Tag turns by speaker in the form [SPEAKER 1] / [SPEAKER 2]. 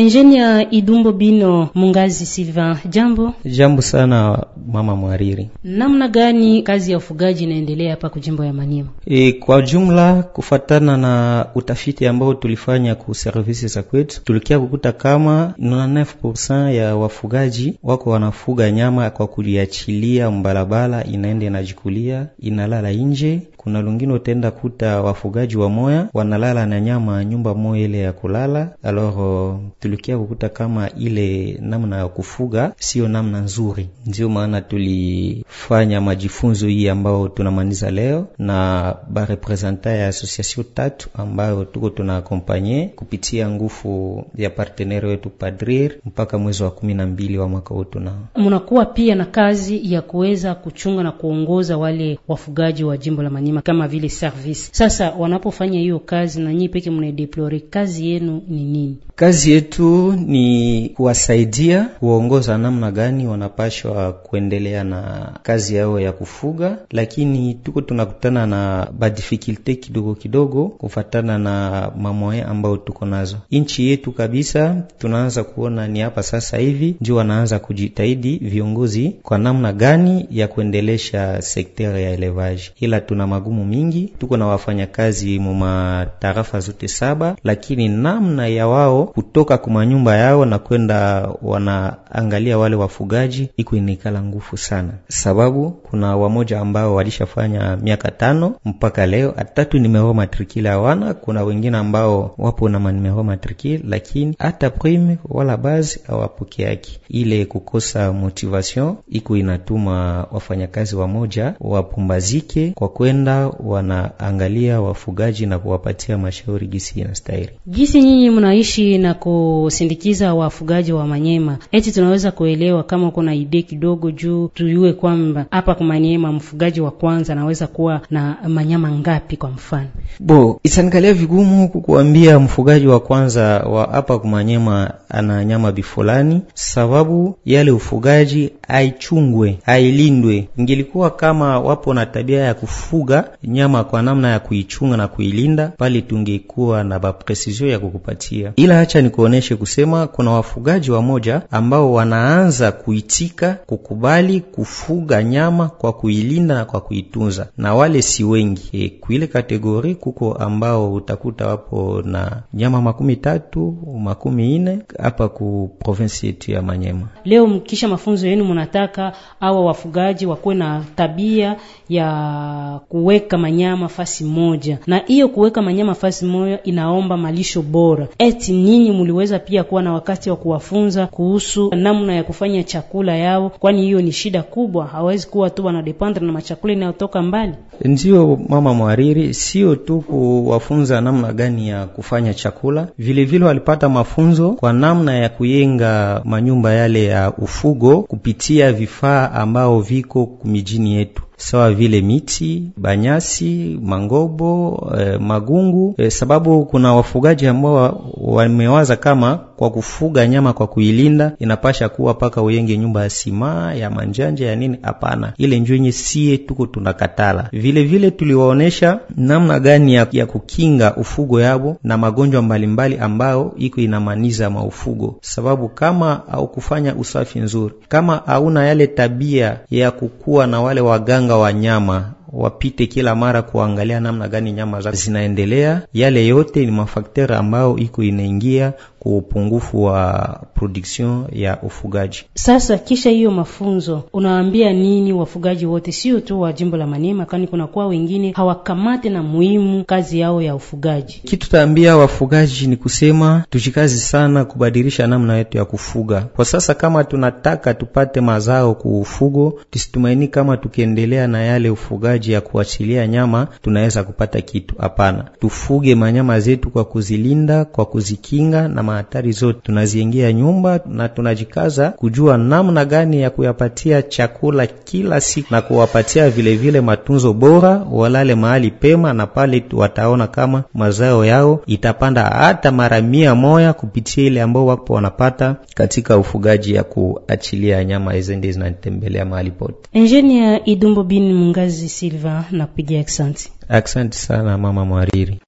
[SPEAKER 1] Engineer Idumbo Bino Mungazi Silvan, jambo.
[SPEAKER 2] Jambo sana mama mwariri.
[SPEAKER 1] Namna gani kazi ya ufugaji inaendelea hapa kujimbo ya Maniema?
[SPEAKER 2] E, kwa jumla kufatana na utafiti ambao tulifanya ku services za kwetu tulikia kukuta kama 99% ya wafugaji wako wanafuga nyama kwa kuliachilia mbalabala, inaenda inajikulia inalala nje kuna lungine utenda kuta wafugaji wa moya wanalala na nyama nyumba moya ile ya kulala. Alors tulikia kukuta kama ile namna ya kufuga sio namna nzuri, ndio maana tulifanya majifunzo hii ambayo tunamaliza leo na barepresenta ya association tatu ambayo tuko tuna akompanye kupitia nguvu ya partenere wetu Padrir mpaka mwezi wa kumi na mbili wa mwaka wetu. Nao
[SPEAKER 1] mnakuwa pia na kazi ya kuweza kuchunga na kuongoza wale wafugaji wa jimbo la wanyama kama vile service. Sasa wanapofanya hiyo kazi, na nyinyi peke mnaideplore, kazi yenu ni nini?
[SPEAKER 2] Kazi yetu ni kuwasaidia kuwaongoza namna gani wanapashwa kuendelea na kazi yao ya kufuga, lakini tuko tunakutana na badifikulte kidogo kidogo kufatana na mamoye ambayo tuko nazo nchi yetu kabisa. Tunaanza kuona ni hapa sasa hivi ndio wanaanza kujitahidi viongozi kwa namna gani ya kuendelesha sekter ya elevaji, ila tuna magumu mingi. Tuko na wafanyakazi mu matarafa zote saba, lakini namna ya wao kutoka kwa manyumba yao na kwenda wanaangalia wale wafugaji, iko inikala ngufu sana, sababu kuna wamoja ambao walishafanya miaka tano mpaka leo atatu nimeo matrikili hawana. Kuna wengine ambao wapo na manimeo matrikili, lakini hata prime wala bazi hawapokeaki. Ile kukosa motivation iko inatuma wafanyakazi wamoja wapumbazike kwa kwenda wanaangalia wafugaji na kuwapatia mashauri gisi inastahili,
[SPEAKER 1] gisi nyinyi mnaishi na kusindikiza wafugaji wa Manyema. Eti tunaweza kuelewa kama kuna idea kidogo juu tuyue kwamba hapa kwa Manyema mfugaji wa kwanza anaweza kuwa na manyama ngapi kwa mfano.
[SPEAKER 2] Bo, isanikalia vigumu huku kuambia mfugaji wa kwanza wa hapa kwa Manyema ana nyama bifulani, sababu yale ufugaji aichungwe, ailindwe. Ingelikuwa kama wapo na tabia ya kufuga nyama kwa namna ya kuichunga na kuilinda, pale tungekuwa na baprecisio ya kukupatia, ila hacha nikuoneshe kusema kuna wafugaji wamoja ambao wanaanza kuitika kukubali kufuga nyama kwa kuilinda na kwa kuitunza, na wale si wengi. E, kuile kategori kuko ambao utakuta wapo na nyama makumi tatu makumi ine hapa ku provinsi yetu ya Manyema.
[SPEAKER 1] Leo mkisha mafunzo yenu tunataka awa wafugaji wakuwe na tabia ya kuweka manyama fasi moja, na hiyo kuweka manyama fasi moja inaomba malisho bora. Eti nyinyi muliweza pia kuwa na wakati wa kuwafunza kuhusu namna ya kufanya chakula yao, kwani hiyo ni shida kubwa. Hawezi kuwa tu wanadependre na machakula inayotoka mbali.
[SPEAKER 2] Ndiyo mama mwariri, sio tu kuwafunza namna gani ya kufanya chakula, vilevile walipata mafunzo kwa namna ya kuyenga manyumba yale ya ufugo kupitia kupitia vifaa ambao viko kumijini yetu sawa vile miti, banyasi, mangobo, eh, magungu eh, sababu kuna wafugaji ambao wamewaza kama kwa kufuga nyama kwa kuilinda inapasha kuwa paka uyenge nyumba ya simaa ya manjanja ya nini. Hapana, ile njwenye sie tuko tunakatala. Vile vile tuliwaonesha namna gani ya, ya kukinga ufugo yabo na magonjwa mbalimbali ambayo iko inamaniza maufugo, sababu kama au kufanya usafi nzuri, kama hauna yale tabia ya kukuwa na wale waganga waganga wa nyama wapite kila mara kuangalia namna gani nyama zao zinaendelea. Yale yote ni mafakter ambayo iko inaingia kwa upungufu wa production ya ufugaji.
[SPEAKER 1] Sasa kisha hiyo mafunzo, unawaambia nini wafugaji wote, sio tu wa jimbo la Maniema, kwani kunakuwa wengine hawakamate na muhimu kazi yao ya ufugaji?
[SPEAKER 2] Kitu taambia wafugaji ni kusema tujikazi sana kubadilisha namna yetu ya kufuga kwa sasa, kama tunataka tupate mazao ku ufugo, tusitumaini kama tukiendelea na yale ufugaji ya kuachilia nyama tunaweza kupata kitu. Hapana, tufuge manyama zetu kwa kuzilinda, kwa kuzikinga na mahatari zote. Tunaziingia nyumba na tunajikaza kujua namna gani ya kuyapatia chakula kila siku na kuwapatia vilevile vile matunzo bora, walale mahali pema, na pale wataona kama mazao yao itapanda hata mara mia moya kupitia ile ambao wapo wanapata katika ufugaji ya kuachilia nyama izende ndizo zinatembelea mahali pote.
[SPEAKER 1] Engineer Idumbo bin Mungazi Silva, nakupigia asante.
[SPEAKER 2] Asante sana mama Mwariri.